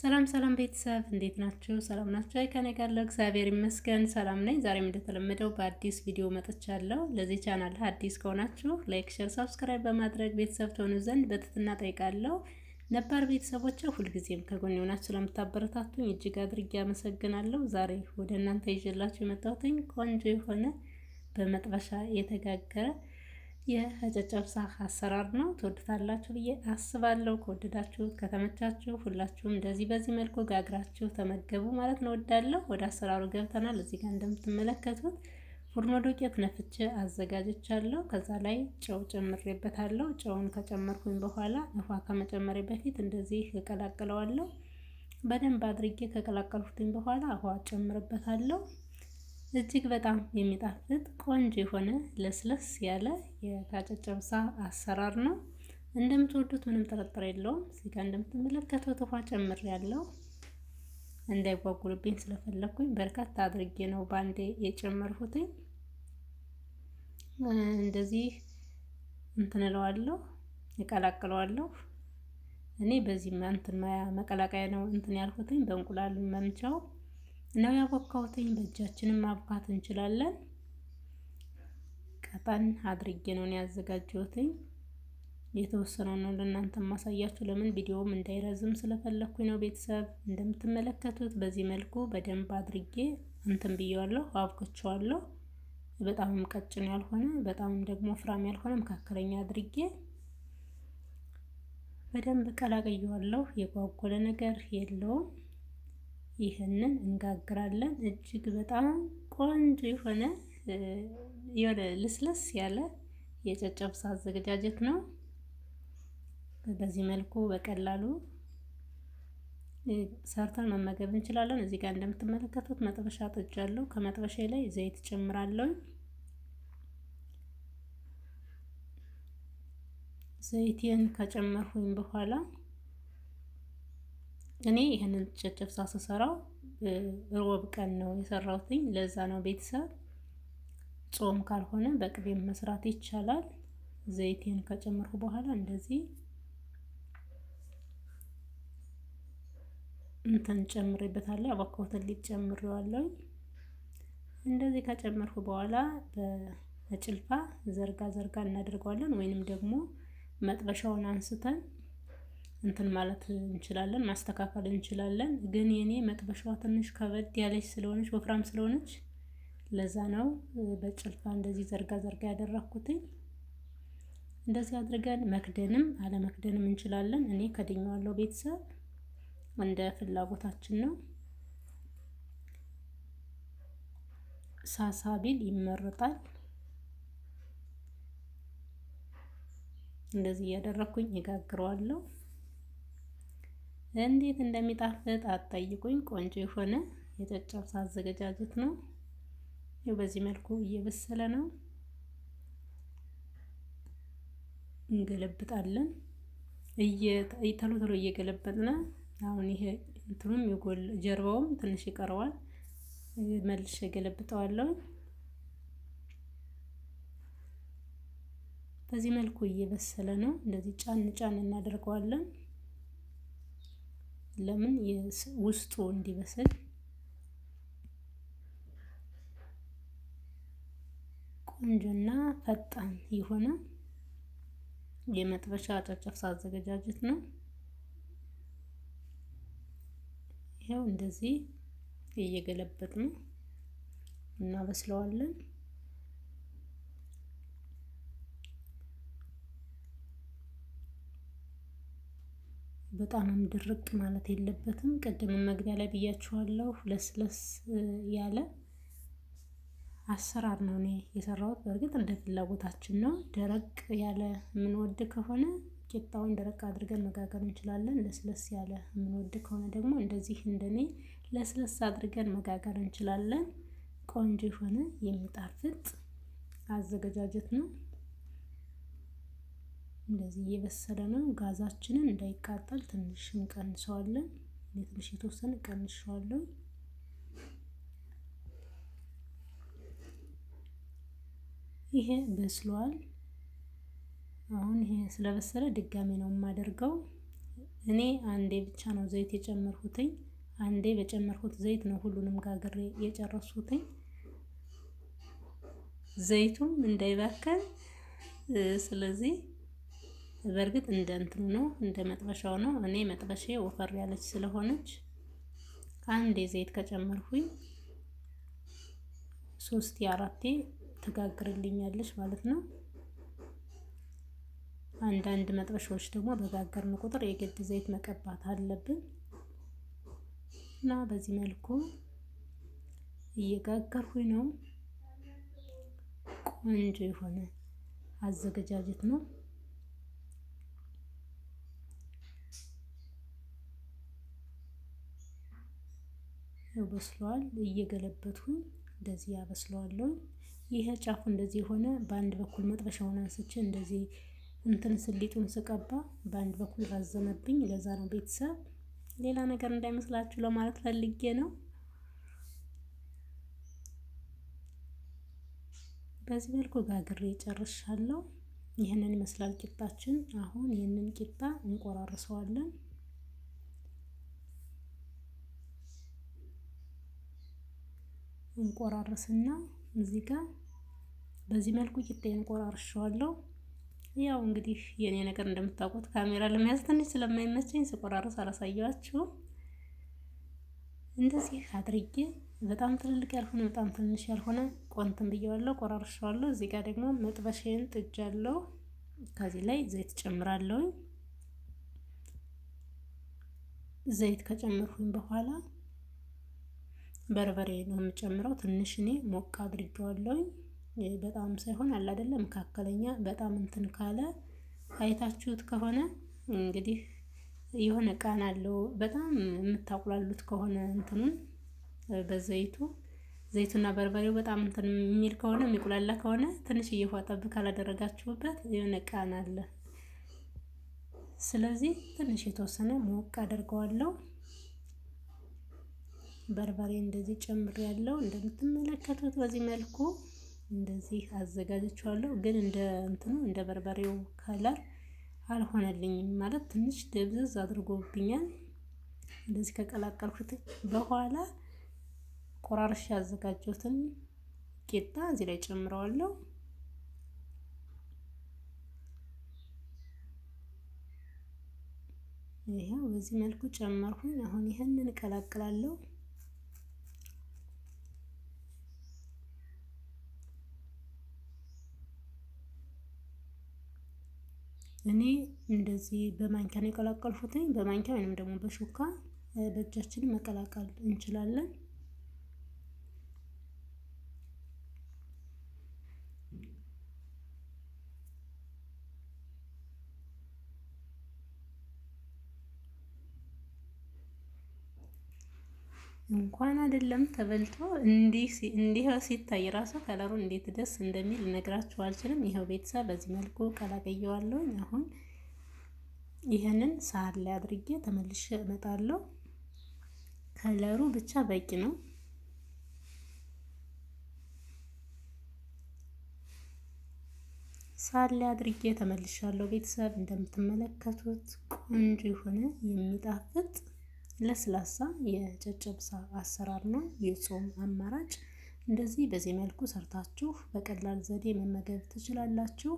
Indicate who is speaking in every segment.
Speaker 1: ሰላም ሰላም ቤተሰብ እንዴት ናችሁ? ሰላም ናችሁ? አይ ከኔ ጋር ለእግዚአብሔር ይመስገን ሰላም ነኝ። ዛሬም እንደተለመደው በአዲስ ቪዲዮ መጥቻለሁ። ለዚህ ቻናል አዲስ ከሆናችሁ ላይክ፣ ሼር፣ ሳብስክራይብ በማድረግ ቤተሰብ ትሆኑ ዘንድ በትህትና ጠይቃለሁ። ነባር ቤተሰቦቼ ሁልጊዜም ከጎን የሆናችሁ ስለምታበረታቱኝ እጅግ አድርጌ አመሰግናለሁ። ዛሬ ወደ እናንተ ይዤላችሁ የመጣሁትኝ ቆንጆ የሆነ በመጥበሻ የተጋገረ የጨጨብሳ አሰራር ነው። ትወድታላችሁ ብዬ አስባለሁ። ከወደዳችሁ ከተመቻችሁ፣ ሁላችሁም እንደዚህ በዚህ መልኩ ጋግራችሁ ተመገቡ ማለት ነው። ወዳለሁ ወደ አሰራሩ ገብተናል። እዚህ ጋር እንደምትመለከቱት ፉርኖ ዱቄት ነፍቼ አዘጋጅቻለሁ። ከዛ ላይ ጨው ጨምሬበታለሁ። ጨውን ከጨመርኩኝ በኋላ ውሃ ከመጨመሬ በፊት እንደዚህ እቀላቅለዋለሁ። በደንብ አድርጌ ከቀላቀልኩትኝ በኋላ ውሃ ጨምርበታለሁ። እጅግ በጣም የሚጣፍጥ ቆንጆ የሆነ ለስለስ ያለ የታጨጨብሳ አሰራር ነው። እንደምትወዱት ምንም ጥርጥር የለውም። እዚህ ጋር እንደምትመለከቱት ውሃ ጨምር ያለው እንዳይጓጉልብኝ ስለፈለግኩኝ በርካታ አድርጌ ነው ባንዴ የጨመርሁትኝ። እንደዚህ እንትንለዋለሁ እቀላቅለዋለሁ። እኔ በዚህ እንትን መቀላቀያ ነው እንትን ያልኩትኝ በእንቁላል መምቻው ነው ያቦካሁትኝ። በእጃችንም ማብካት እንችላለን። ቀጠን አድርጌ ነው ያዘጋጀሁትኝ። የተወሰነው ነው ለእናንተ ማሳያችሁ። ለምን ቪዲዮውም እንዳይረዝም ስለፈለግኩኝ ነው። ቤተሰብ እንደምትመለከቱት በዚህ መልኩ በደንብ አድርጌ እንትን ብየዋለሁ፣ አብክቸዋለሁ። በጣምም ቀጭን ያልሆነ በጣምም ደግሞ ፍራም ያልሆነ መካከለኛ አድርጌ በደንብ ቀላቀየዋለሁ። የጓጎለ ነገር የለውም። ይህንን እንጋግራለን። እጅግ በጣም ቆንጆ የሆነ የሆነ ልስለስ ያለ የጨጨብሳ አዘገጃጀት ነው። በዚህ መልኩ በቀላሉ ሰርተን መመገብ እንችላለን። እዚህ ጋር እንደምትመለከቱት መጥበሻ ጥጃለሁ። ከመጥበሻ ላይ ዘይት ጨምራለሁ። ዘይቴን ከጨመርሁኝ በኋላ እኔ ይህንን ጨጨብሳ ስሰራው ሮብ ቀን ነው የሰራሁትኝ። ለዛ ነው ቤተሰብ ጾም ካልሆነ በቅቤም መስራት ይቻላል። ዘይቴን ከጨመርኩ በኋላ እንደዚህ እንትን ጨምሬበታለሁ። አባካውተን ጨምሬዋለሁ። እንደዚህ ከጨመርኩ በኋላ በጭልፋ ዘርጋ ዘርጋ እናደርገዋለን ወይንም ደግሞ መጥበሻውን አንስተን እንትን ማለት እንችላለን፣ ማስተካከል እንችላለን። ግን የኔ መጥበሻዋ ትንሽ ከበድ ያለች ስለሆነች ወፍራም ስለሆነች ለዛ ነው በጭልፋ እንደዚህ ዘርጋ ዘርጋ ያደረኩትኝ። እንደዚህ አድርገን መክደንም አለመክደንም እንችላለን። እኔ ከድኜዋለሁ። ቤተሰብ እንደ ፍላጎታችን ነው። ሳሳ ቢል ይመረጣል። እንደዚህ እያደረኩኝ እጋግረዋለሁ። እንዴት እንደሚጣፍጥ አጠይቁኝ ቆንጆ የሆነ የጨጨብሳ አዘገጃጀት ነው። ይኸው በዚህ መልኩ እየበሰለ ነው። እንገለብጣለን ተሎ ቶሎ እየገለበጥን አሁን ይሄ እንትኑም ይጎል ጀርባውም ትንሽ ይቀረዋል። መልሼ ገለብጠዋለሁ። በዚህ መልኩ እየበሰለ ነው። እንደዚህ ጫን ጫን እናደርገዋለን። ለምን ውስጡ እንዲበስል ቆንጆና ፈጣን የሆነ የመጥበሻ ጨጨብሳ አዘገጃጀት ነው። ይኸው እንደዚህ እየገለበጥ ነው እናበስለዋለን። በጣምም ድርቅ ማለት የለበትም። ቀደም መግቢያ ላይ ብያችኋለሁ። ለስለስ ያለ አሰራር ነው እኔ የሰራሁት። በእርግጥ እንደ ፍላጎታችን ነው። ደረቅ ያለ የምንወድ ከሆነ ቂጣውን ደረቅ አድርገን መጋገር እንችላለን። ለስለስ ያለ የምንወድ ከሆነ ደግሞ እንደዚህ እንደኔ ለስለስ አድርገን መጋገር እንችላለን። ቆንጆ የሆነ የሚጣፍጥ አዘገጃጀት ነው። እንደዚህ እየበሰለ ነው። ጋዛችንን እንዳይቃጠል ትንሽ እንቀንሰዋለን። ትንሽ የተወሰነ ቀንሸዋለሁ። ይሄ በስሏል። አሁን ይሄ ስለበሰለ ድጋሚ ነው የማደርገው። እኔ አንዴ ብቻ ነው ዘይት የጨመርሁትኝ። አንዴ በጨመርሁት ዘይት ነው ሁሉንም ጋግሬ የጨረሱትኝ። ዘይቱም እንዳይባከል ስለዚህ በእርግጥ እንደ እንትኑ ነው እንደ መጥበሻው ነው። እኔ መጥበሼ ወፈር ያለች ስለሆነች አንዴ ዘይት ከጨመርኩኝ ሶስት አራቴ ተጋግርልኛለች ማለት ነው። አንዳንድ መጥበሻዎች ደግሞ በጋገርን ቁጥር የግድ ዘይት መቀባት አለብን እና በዚህ መልኩ እየጋገርኩኝ ነው። ቆንጆ የሆነ አዘገጃጀት ነው። በስሏል እየገለበጥኩኝ እንደዚህ ያበስለዋለሁ ይሄ ጫፉ እንደዚህ የሆነ በአንድ በኩል መጥበሻውን አንስቼ እንደዚህ እንትን ስሊጡን ስቀባ በአንድ በኩል ባዘመብኝ ለዛ ነው ቤተሰብ ሌላ ነገር እንዳይመስላችሁ ለማለት ፈልጌ ነው። በዚህ መልኩ ጋግሬ ጨርሻለሁ። ይህንን ይመስላል ቂጣችን። አሁን ይህንን ቂጣ እንቆራርሰዋለን። እንቆራርስና እዚህ ጋር በዚህ መልኩ ቂጣዬን እንቆራርሸዋለሁ። ያው እንግዲህ የኔ ነገር እንደምታውቁት ካሜራ ለመያዝ ትንሽ ስለማይመቸኝ ስቆራርስ አላሳያችሁም። እንደዚህ አድርጌ በጣም ትልልቅ ያልሆነ በጣም ትንሽ ያልሆነ ቆንትን ብየዋለሁ፣ ቆራርሸዋለሁ። እዚህ ጋር ደግሞ መጥበሻዬን ጥጃለሁ። ከዚህ ላይ ዘይት ጨምራለሁ። ዘይት ከጨመርኩኝ በኋላ በርበሬ ነው የምጨምረው። ትንሽ እኔ ሞቅ አድርጌዋለሁ። በጣም ሳይሆን አለ አይደለ መካከለኛ። በጣም እንትን ካለ አይታችሁት ከሆነ እንግዲህ የሆነ ቃና አለው። በጣም የምታቁላሉት ከሆነ እንትኑን በዘይቱ ዘይቱና በርበሬው በጣም እንትን የሚል ከሆነ የሚቁላላ ከሆነ ትንሽ እየፏጠብ ካላደረጋችሁበት የሆነ ቃና አለ። ስለዚህ ትንሽ የተወሰነ ሞቅ አደርገዋለሁ። በርበሬ እንደዚህ ጨምር ያለው እንደምትመለከቱት በዚህ መልኩ እንደዚህ አዘጋጅቼዋለሁ። ግን እንደ እንትኑ እንደ በርበሬው ከለር አልሆነልኝም ማለት ትንሽ ደብዘዝ አድርጎብኛል። እንደዚህ ከቀላቀልኩት በኋላ ቆራርሽ ያዘጋጀሁትን ቂጣ እዚህ ላይ ጨምረዋለሁ። ይሄው በዚህ መልኩ ጨመርኩኝ። አሁን ይህንን እቀላቅላለሁ። እኔ እንደዚህ በማንኪያ ነው የቀላቀልኩትኝ በማንኪያ ወይንም ደግሞ በሹካ በእጃችን መቀላቀል እንችላለን እንኳን አይደለም ተበልቶ እንዲህ እንዲህ ሲታይ ራሱ ከለሩ እንዴት ደስ እንደሚል ልነግራችሁ አልችልም። ይኸው ቤተሰብ በዚህ መልኩ ቀላቀየዋለሁኝ። አሁን ይህንን ሳህን ላይ አድርጌ ተመልሼ እመጣለሁ። ከለሩ ብቻ በቂ ነው። ሳህን ላይ አድርጌ ተመልሻለሁ። ቤተሰብ እንደምትመለከቱት ቆንጆ የሆነ የሚጣፍጥ ለስላሳ የጨጨብሳ አሰራር ነው የጾም አማራጭ። እንደዚህ በዚህ መልኩ ሰርታችሁ በቀላል ዘዴ መመገብ ትችላላችሁ።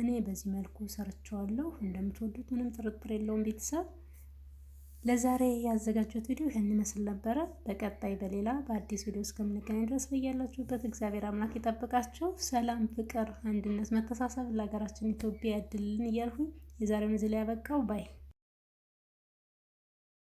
Speaker 1: እኔ በዚህ መልኩ ሰርቸዋለሁ። እንደምትወዱት ምንም ጥርጥር የለውም። ቤተሰብ ለዛሬ ያዘጋጀሁት ቪዲዮ ይህን ይመስል ነበረ። በቀጣይ በሌላ በአዲስ ቪዲዮ እስከምንገናኝ ድረስ በያላችሁበት እግዚአብሔር አምላክ ይጠብቃችሁ። ሰላም፣ ፍቅር፣ አንድነት፣ መተሳሰብ ለሀገራችን ኢትዮጵያ ያድልን እያልኩኝ የዛሬውን እዚህ ላይ ያበቃው ባይ